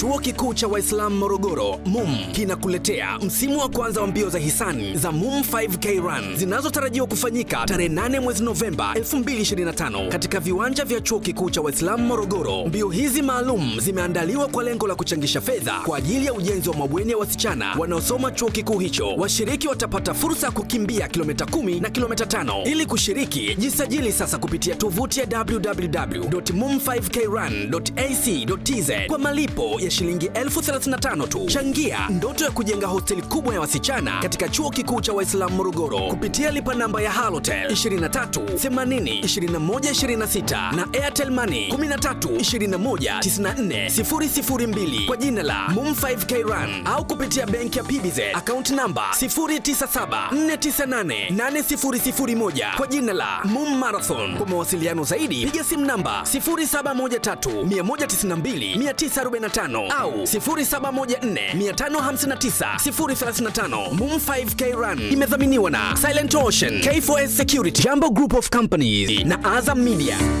Chuo Kikuu cha Waislamu Morogoro MUM kinakuletea msimu wa kwanza wa mbio za hisani za MUM 5K Run zinazotarajiwa kufanyika tarehe 8 mwezi Novemba 2025 katika viwanja vya Chuo Kikuu cha Waislamu Morogoro. Mbio hizi maalum zimeandaliwa kwa lengo la kuchangisha fedha kwa ajili ya ujenzi wa mabweni ya wasichana wanaosoma chuo kikuu hicho. Washiriki watapata fursa ya kukimbia kilomita 10 na kilomita 5. Ili kushiriki, jisajili sasa kupitia tovuti ya www.mum5krun.ac.tz kwa malipo ya shilingi elfu 35 tu. Changia ndoto ya kujenga hosteli kubwa ya wasichana katika chuo kikuu cha Waislamu Morogoro kupitia lipa namba ya Halotel 23 80 21 26 na Airtel Money 13 21 94 002 kwa jina la Mum 5K Run au kupitia benki ya PBZ account namba 097 498 8001 kwa jina la Mum Marathon. Kwa mawasiliano zaidi piga simu namba 0713 192 945 tano au 0714 559 Moom 5K Run imedhaminiwa na Silent Ocean, K4S Security, Jambo Group of Companies na Azam Media.